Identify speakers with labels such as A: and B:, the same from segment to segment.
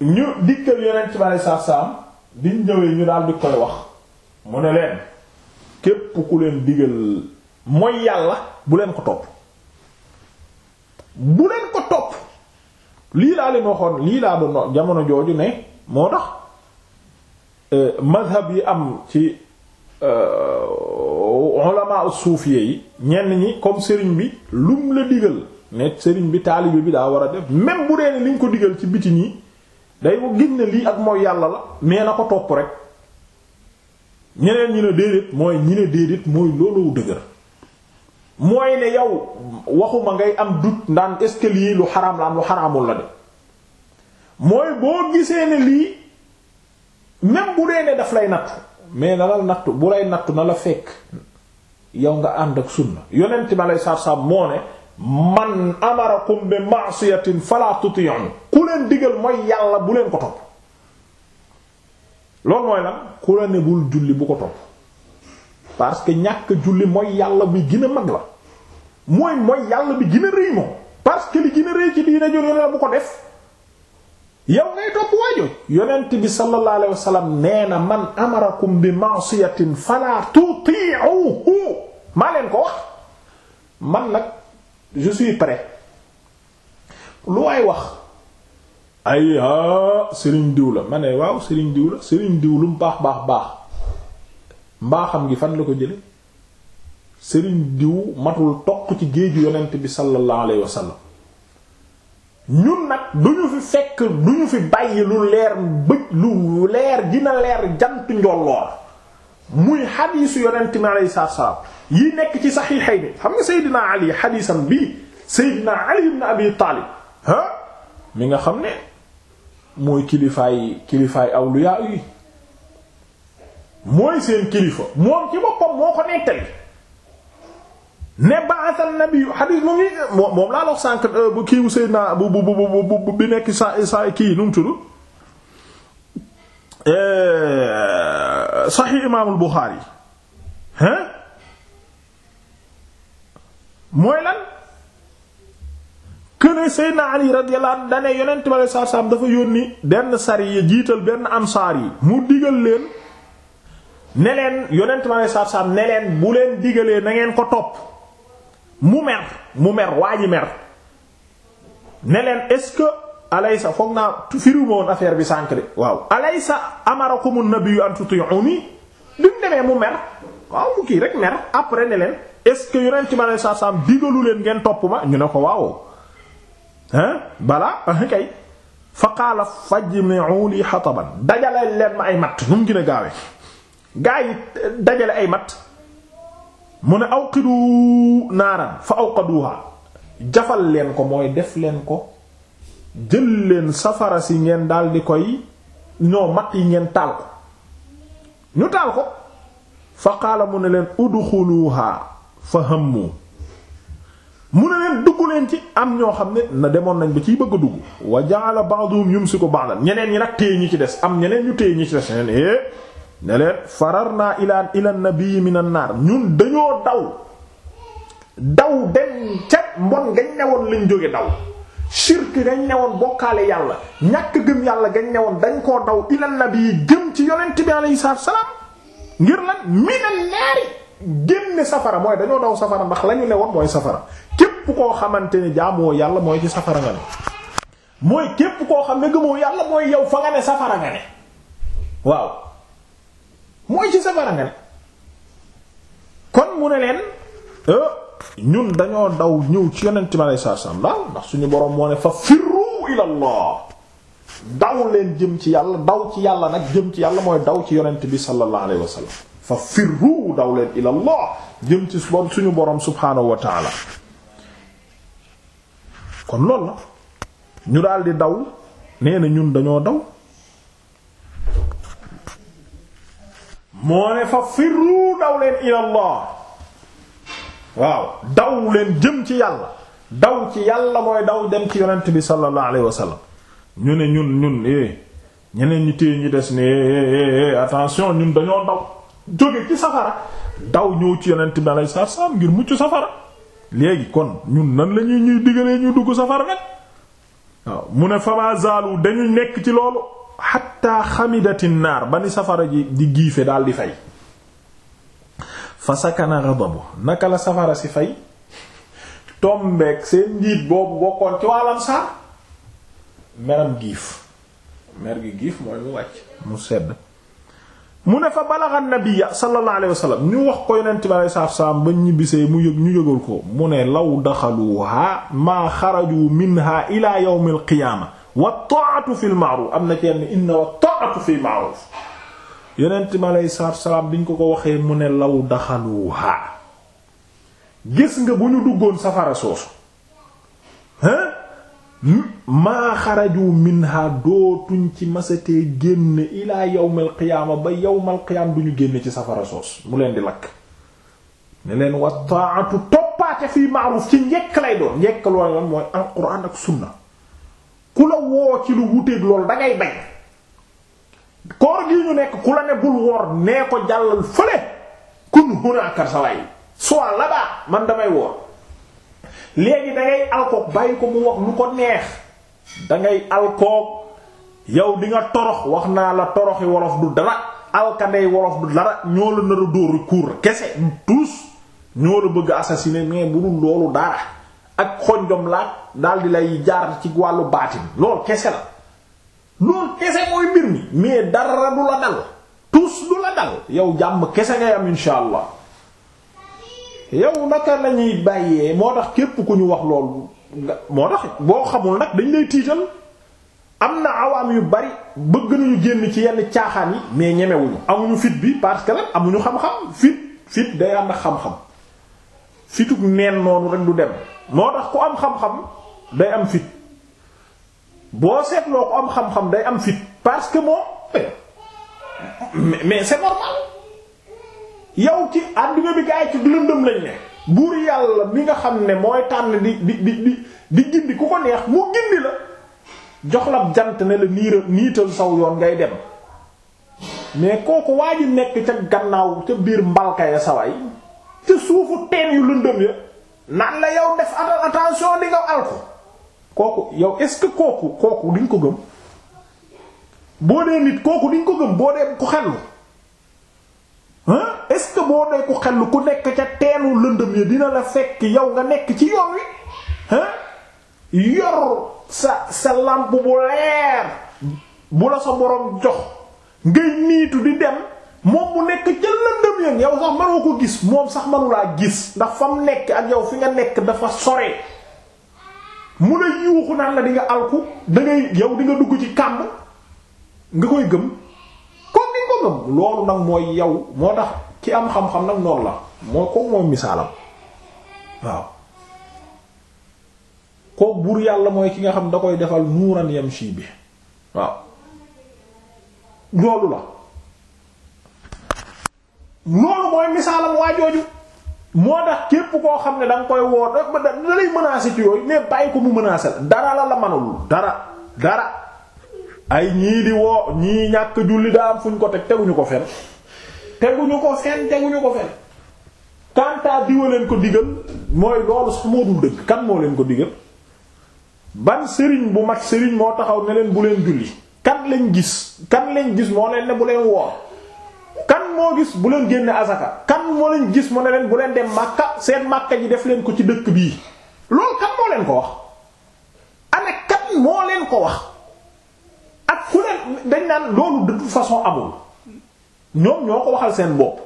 A: ñu dikkal yonent bi aleyhi salaatu salaam biñ ñëwee ñu daal di koy wax mu ne leen képp ku leen digal mooy yàlla bu leen ko topp bu leen ko topp lii laa leen waxoon lii laa doon jamono jooju ne moo tax euh, mazhab yi am ci euh, ulama suuf yi ñenn ñi comme sëriñ bi lum la digal ne sëriñ bi taalibe bi daa war a def même bu dee ni liñ ko digal ci biti ñi day ko gis ne lii ak mooy yàlla la mais na ko topp rek ñeneen ñi ne déedéet mooy ñi ne déedéet mooy loolu dëgër mooy ne yow waxuma ngay am doute ndaan est lu xaraam la am lu xaraamul la de mooy boo gisee ne lii même bu dee ne daf lay nattu mais na la nattu bu lay nattu na la fekk yow nga ànd ak sunna yonent ma lay saab moo ne man amarakum bi ma'siyatin fala tuti'u ku leen digal yàlla bu leen bi gën que ko def yow maa leen ko wax man nag je suis lu ay wax ay a ah, sëriñ diw la ma waaw sëriñ diw la sëriñ diw lu mu baax baax baax mbaaxam gi fan la ko jële sëriñ diw matul toq ci géeju yonent bi sallallahu alayhi wasallam ñun nag du ñu fi fekk du ñu fi bàyyi lu leer bëj lu leer dina leer jant njolloor muy xadiisu yonent bi alayhi salaam yi nekk ci saxiixayni xam nga Ali xadiisam bii Seydina Ali ibn Abi Taalib ah mi nga xam ne mooy kilifaay kilifaay awliya yi mooy seen kilifa moom ci boppam moo ko nettali ne ba'atha an moom laa wax sànq euh, bu kiiwu Seydina bi nekk sa kii nu mu tudd euh, Sahih Imaamul mooy lan këne Seydina Ali radiyallahu anhu dane yonent bi alayhi salaatu dafa yónni benn sariya jiital benn ansaar yi mu digal leen ne leen yonent bi alayhi salaatu salaam bu leen digalee na ko topp mu mer mu mer waa ji mer ne leen est-ce que alaysa foog naa firiwuma affaire bi sànq waaw alaysa amarakumun nabiyyu an tuti'uni mu demee mu kii rek mer après ne leen est-ce que ci bi alei satu salaam leen ngeen topp ma ñu ne ko waaw hein balaa kay fa qaala fajmi'u li xataban dajale leen ma ay matt nu mu gën a gaawee gaa yi eh, dajale ay matt mu ne aw awqidu naaran fa awqaduha jafal leen ko mooy def leen ko jël leen safara si ngeen daal di koy ñoo mat yi ngeen taal ko ñu taal ko fa qaala mu ne leen udxuluha fa hammu mu ne leen dugg leen ci am ñoo xam ne na demoon nañ ba ciy bëgg a dugg wa ja'ala ba'dhum yumsiku ba'dan ñeneen ñi nag téye ñi ci des am ñeneen ñu téye ñi ci des ñeneen eh ne leen farar naa ila ila nabii minan naar ñun dañoo daw daw dem mbon gañ newoon lañ jóge daw shirk gañ newoon bokkaale yàlla ñàkk gëm yàlla gañ newoon dañ koo daw ila nabii jëm ci yonent bi alayhi salaam ngir lan minan génne safara mooy dañoo daw safara ndax la ñu newoon mooy safara képp koo xamante ne jaamoo yàlla mooy ci safara nga ne. mooy képp koo xam ne gëmoo yàlla mooy yow fa nga ne safara nga ne waaw mooy ci safara nga ne kon mu ne leen e, ñun dañoo daw ñëw ci yonent mi alayhi salaam daal ndax suñu borom moo ne fa firru ilallah daw leen jëm ci yàlla daw ci yàlla nag jëm ci yàlla mooy daw ci yonent bi sallallahu alayhi wasallam fa firru daw leen ila allah jëm ci lool suñu borom subhaanahu wa taala kon loolu la ñu daal daw nee na ñun dañoo daw moo ne fa firru daw leen ila waaw daw leen jëm ci yàlla daw ci yàlla mooy daw dem ci yonent bi sallallahu alayhi wa ñu ne ñun ñun eh, ñeneen ñi téye ñi des ne eh, eh, attention ñun dañoo daw jóge ci safara daw ñëw ci yonent bi alayhi salaam ngir mucc safara léegi kon ñun nan lañuy ñuy ñuy digalee ñu dugg safara nag waaw mu ne fama zaalu dañuy nekk ci loolu xatta xamidati naar ba ni safara ji di giife daal di fay fa sakana ghadabu naka la safara si fay tombeek seen njiit boobu bokkoon ci wàllam saar meram giif mer gi giif mooy mu wàcc mu sedd mu ne fa balagha nabiyya sallallahu ñu wax ko yonent bi alayhi salaatu salaam ba ñibbisee mu yëg ñu yëgal ko mu ne law daxaluha maa xaraju minha ila yawmil wa ta'atu fil ma'ruf am na kenn inna wa ta'atu fil ma'ruf yonent bi alayhi salaatu salaam biñ ko ko waxee mu ne law daxaluha gis nga bu ñu duggoon safara soosu hein maa xaraju minha dootuñ ci masatee génn ilaa yawmal qiyaama ba yawmal qiyaam duñu génn ci safara soos mu leen di lakk ne leen wa taatu toppaate fii maaruf ci njekk lay doon njekk loolu lan mooy alquran ak sunna ku la woo ci lu wuteeg loolu dangay ngay bañ koor gi ñu nekk ku la ne bul woor nee ko jàllal fële kun hunaakar sa waay soit là-bas man damay woor léegi da ngay alkook bàyyi ko mu wax lu ko neex da ngay yow di nga torox wax naa la toroxi wolof du dara alkandey wolof du dara ñoo la nar a dóor kuur kese tous ñoo la bëgg assassiner mais bu dul loolu dara ak xonjom laat daal di lay jaar ci wàllu baatin loolu kese la loolu kese mooy mbir mi mais dara du la dal tous du la dal yow jàmm kese ngay am insha yow naka lañuy bàyyee moo tax képp ku ñu wax loolu moo tax boo xamul nag dañ lay tiital am na awaam yu bari bëgg nañu génn ci yenn caaxaan yi mais ñemewuñu amuñu fit bi parce que nag amuñu xam-xam fit fit day am na xam-xam fituk neen noonu rek du dem moo tax ku am xam-xam day am fit boo seetloo ku am xam-xam day am fit parce que moom mais c'est normal yow ci àdduna bi gaa yi ci lëndëm lañ ne buur yàlla bi nga xam ne mooy tànn di di di di gindi ku ko neex mu gindi la jox la jant ne la niira niital saw yoon ngay dem mais kooku waa ji nekk ca gannaaw ca biir mbalka ya saway ca suufu teen yu lëndëm ya naan la yow def attention di nga kooku yow est-ce que kooku kooku diñ ko gëm boo dee nit kooku diñ ko gëm boo dee ko xellu est-ce que boo dee ku xel ku nekk ca teenu lëndëm ya dina la fekk yow nga nekk ci yoon wi ah yor sa sa lampe bu leer bu la sa borom jox ngay niitu di dem moom mu nekk ca lëndëm ya yow sax mënoo ko gis moom sax mënulaa gis ndax fa mu nekk ak yow fi nga nekk dafa sore mu la yuuxu naan la di nga alku da yow di nga dugg ci kàmb nga koy gëm comme ni nga gëm loolu nag mooy yow moo tax. ki am xam-xam nag noonu la moo ko moom misaalam waaw ko buur yàlla mooy ki nga xam da koy defal nuuran yamshi bi waaw loolu la loolu mooy misaalam waa jooju moo tax képp koo xam ne da nga koy woo da da lay menacer ci yooyu mais bàyyi ko mu menacer dara la la manul dara dara ay ñii di woo ñii ñàkk julli daa am fu ñu ko teg teguñu ko fen teguñu ko fenn teguñu ko fenn kantaa diwa ko digal mooy loolu sax moo dul dëgg kan moo leen ko digal ban sëriñ bu mag sëriñ moo taxaw ne bu leen julli kan lañ gis kan lañ gis moo leen ne bu leen woor kan moo gis bu leen génne asaka kan moo leen gis mu ne bu leen dem màkka seen màkka ji def leen ko ci dëkk bii loolu kan moo leen ko wax ane kan moo leen ko wax ak ku leen dañ naan loolu façon amul ñoom ñoo ko waxal seen bopp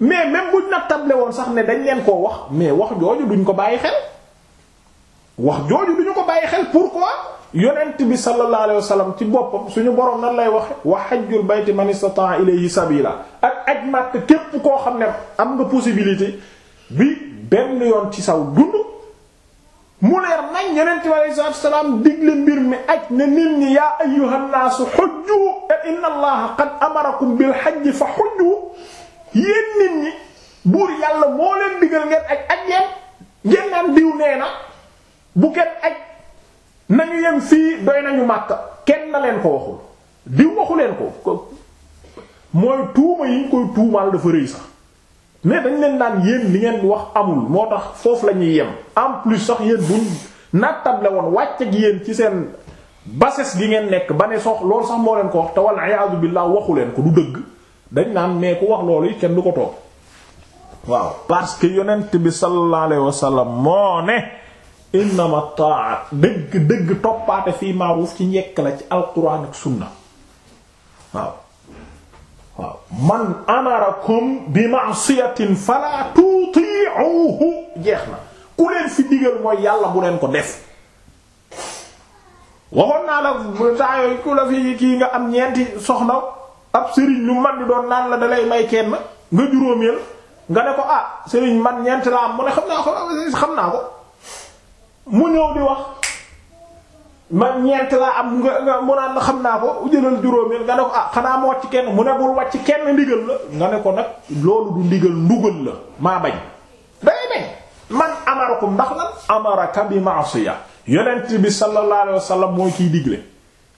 A: mais même buñ nag table woon sax ne dañ leen koo wax mais wax jooju duñ ko bàyyi xel wax jooju duñu ko bàyyi xel pour pourquoi yonent bi sallallahu alayhi wasallam ci boppam suñu borom nan lay waxe wa hajjul bayti man istata'a ilayhi sabila ak aj màtt képp koo xam ne am nga possibilité bi benn yoon ci saw dund añ yenent bi aleyhi salaatu wasalaam digle mbir mi aj ne nit ñi yaa ayyuhan naasu xujju e inna allaha qad amarakum bil hajji fa xujju yéen nit ñi buur yàlla moo leen digal ngeen aj aj yeen ngeen naan diw nee na bu kenn aj nañu yem fii doy nañu màkka kenn na leen ko waxu diw waxu leen ko mooy tuuma yi ñu koy tuumaal dafa rëy sax mais dañ leen daan yéen li ngeen wax amul moo tax foofu la ñuy yem en plus sax yéen buñ nattable woon wàcc ak yéen ci seen bases gi ngeen nekk ba ne sox loolu sax moo leen ko wax te wal billaah waxu leen ko du dëgg dañ naan mais ku wax loolu yi kenn du ko toog waaw parce bi sallallahu alayhi wa sallam toppaate fii maaruuf ci njekk la ci alquran ak sunna waaw waaw man amarakum bi ma'siyatin fala tuti'uhu jeex na ku leen fi digal mooy yàlla bu leen ko def waxoon naa la saa yooyu ku la fi kii nga am ñeenti soxna ab sëriñ lu man di doon naan la dalay may kenn nga juróomeel nga ne ko ah sëriñ man ñeent la am xam naa ko xam naa ko mu ñëw di ñeent laa am nga nga mu naan xam naa ko jëlal juróomeel nga ne ko ah xanaa mu wàcc kenn mu ne bul wàcc kenn ndigal la nga ne ko nag loolu du ndigal ndugal la maa bañ amarakum ndax lan amaraka bi ma'siya yonent bi sallallahu alayhi mooy kiy digle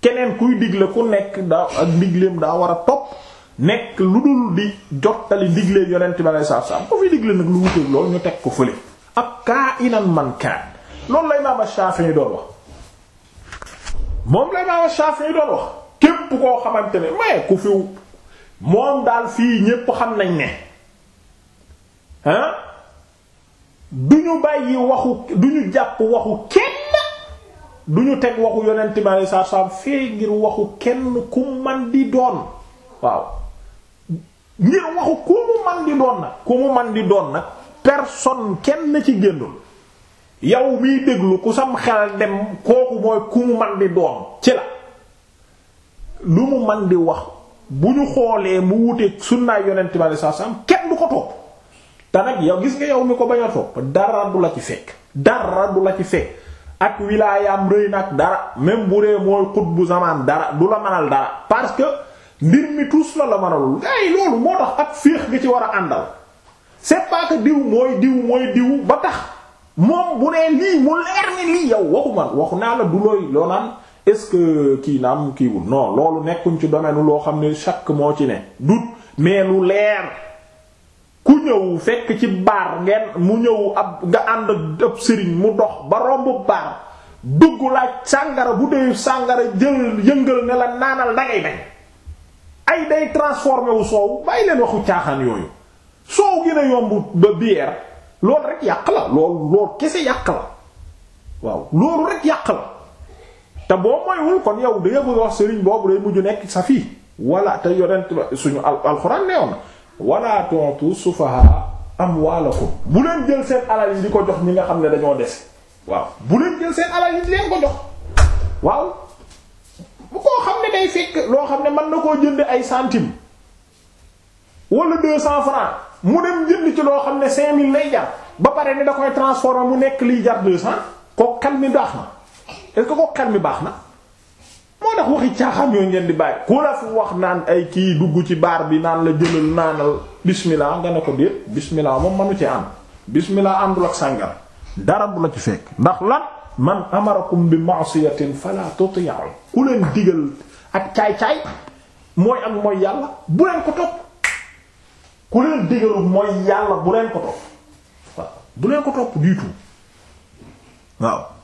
A: keneen kuy digle ku nekk daa ak digleem daa war a topp nekk lu dul di jottali digleem yonent bi alayhi wasallam ko fi digle nag lu wuteeg loolu ñu teg ko fële ak kaa inan man kaan loolu la imaam Shafi'i doon wax moom la imaam Shafi'i doon wax képp koo xamante ne maye ku fi moom daal fii ñépp xam nañ ne ah du ñu bàyyi waxu du ñu jàpp waxu kenn du ñu teg waxu yonent bi alayhi fee ngir waxu kenn ku man di doon waaw ngir waxu ku mu man di doon nag ku mu man di doon nag personne kenn ci génnul yow miy déglu ku sam xel dem kooku mooy ku mu man di doon ci la lu mu man di wax bu ñu xoolee mu wuteeg sunnaay yonent bi alayhi kenn du ko topp te nag yow gis nga yow mi ko bañ a topp dara du la ci fekk dara du la ci fekk ak wilaayam rëy nag dara même bu dee mooy xutbu zamaan dara du la mënal dara parce que mbir mi tous la la mënalul ay loolu moo tax ak féex nga ci war a àndal c'est pas que diw mooy diw mooy diw ba tax moom bu nee lii mu leer ni lii yow waxu man waxu naa la du looy loo naan est-ce que kii na am loolu nekkuñ ci domaine loo xam ne chaque moo ci ne dut mais lu leer ku ñëw fekk ci baar ngeen mu ñëw ab nga ànd ak ab sëriñ mu dox ba romb baar dugg laaj sàngara bu dee sàngara jël yëngal ne la naanal dangay bañ ay day transformé wu soow bàyyi leen waxu caaxaan yooyu soow gën a yomb ba bière loolu rek yàq la loolu loolu kese yàq la waaw loolu rek yàq la te boo moywul kon yow da nga bëgg wax sëriñ boobu day mujj nekk sa fii walla te yonent suñu alxuraan neewoon na wala tu'tu sufaha amwaalakum bu leen jël seen alal yi di ko jox ñi nga xam ne dañoo des waaw bu leen jël seen alal yi di leen ko jox waaw bu koo xam ne day fekk loo xam ne mën na koo jënd ay centimes wala deux cents francs mu dem jënd ci loo xam ne cinq mille lay jar ba pare ne da koy transformer mu nekk lii jar deux cents ko kan mi baax na est-ce que ko kan mi baax na moo tax waxi caaxaan yooyu ngeen di bàyyi ku la fi wax naan ay kii dugg ci baar bi naan la jëlal naanal bismillah nga ne ko déet bismillah moom manu ci ànd bismillah àndul ak sàngar dara bu la ci fekk ndax lan man amarakum bi ma'siyatin fala tuti'u ku leen digal ak caay-caay mooy ak mooy yàlla bu leen ko topp ku leen digalu mooy yàlla bu leen ko topp bu leen ko topp du waaw